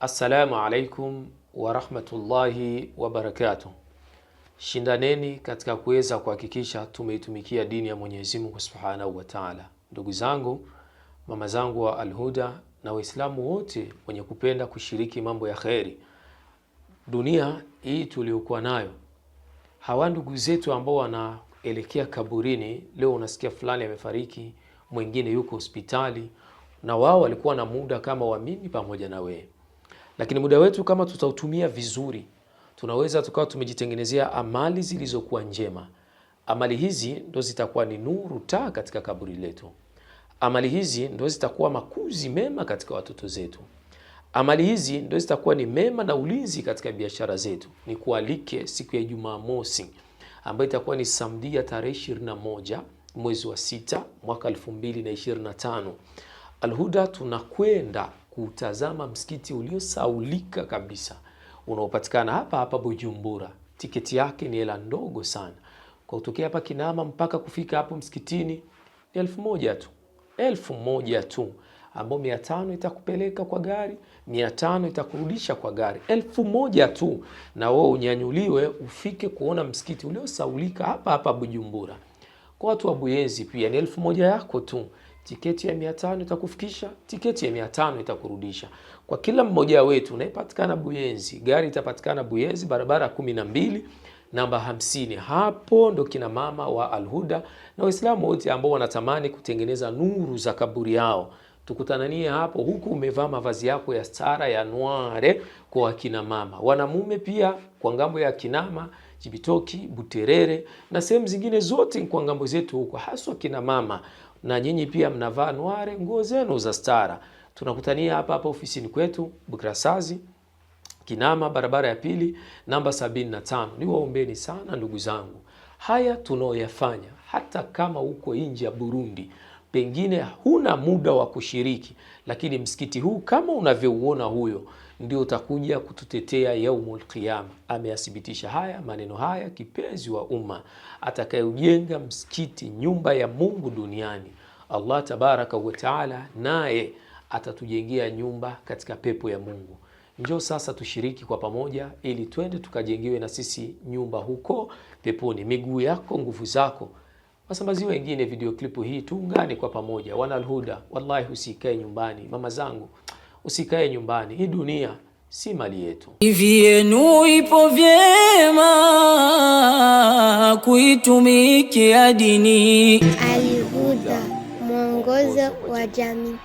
Assalamu alaikum warahmatullahi wabarakatuh. Shindaneni katika kuweza kuhakikisha tumeitumikia dini ya Mwenyezi Mungu Subhanahu wa Ta'ala. Ndugu zangu, mama zangu wa Alhuda na Waislamu wote wenye kupenda kushiriki mambo ya kheri, dunia hii tuliokuwa nayo, hawa ndugu zetu ambao wanaelekea kaburini, leo unasikia fulani amefariki, mwingine yuko hospitali, na wao walikuwa na muda kama wa mimi pamoja na wewe lakini muda wetu kama tutautumia vizuri, tunaweza tukawa tumejitengenezea amali zilizokuwa njema. Amali hizi ndo zitakuwa ni nuru taa katika kaburi letu. Amali hizi ndo zitakuwa makuzi mema katika watoto zetu. Amali hizi ndo zitakuwa ni mema na ulinzi katika biashara zetu. Ni kualike siku ya Jumamosi ambayo itakuwa ni samdia tarehe 21 mwezi wa 6 mwaka 2025. Alhuda tunakwenda kutazama msikiti uliosaulika kabisa unaopatikana hapa hapa Bujumbura. Tiketi yake ni hela ndogo sana, kwa kutokea hapa Kinama mpaka kufika hapo msikitini ni elfu moja tu, elfu moja tu, ambao mia tano itakupeleka kwa gari, mia tano itakurudisha kwa gari, elfu moja tu, na wewe unyanyuliwe ufike kuona msikiti uliosaulika hapa hapa Bujumbura. Kwa watu wa Buyenzi pia ni elfu moja yako tu tiketi ya mia tano itakufikisha, tiketi ya mia tano itakurudisha. Kwa kila mmoja wetu unayepatikana Buyenzi, gari itapatikana Buyenzi, barabara kumi na mbili namba hamsini. Hapo ndo kina mama wa Alhuda na Waislamu wote ambao wanatamani kutengeneza nuru za kaburi yao tukutananie hapo huku umevaa mavazi yako ya stara ya noire kwa akina mama, wanamume pia kwa ngambo ya Kinama, Chibitoki, Buterere na sehemu zingine zote kwa ngambo zetu huko, haswa kina mama, na nyinyi pia mnavaa noire, nguo zenu za stara. Tunakutania hapa hapa ofisini kwetu Bukrasazi Kinama, barabara ya pili namba 75. Niwaombeni sana ndugu zangu, haya tunaoyafanya hata kama huko nje ya Burundi pengine huna muda wa kushiriki, lakini msikiti huu kama unavyouona huyo ndio utakuja kututetea yaumul qiyama. Ameyathibitisha haya maneno haya kipenzi wa umma, atakayeujenga msikiti, nyumba ya Mungu duniani, Allah tabaraka wa taala naye atatujengea nyumba katika pepo ya Mungu. Njoo sasa tushiriki kwa pamoja, ili twende tukajengiwe na sisi nyumba huko peponi. Miguu yako, nguvu zako wasambazi wengine video klipu hii, tuungane kwa pamoja. Wanalhuda, wallahi, usikae nyumbani. Mama zangu, usikae nyumbani, hii dunia si mali yetu. Hivi yenu ipo vyema kuitumikia dini. Alhuda, mwongozo wa jamii.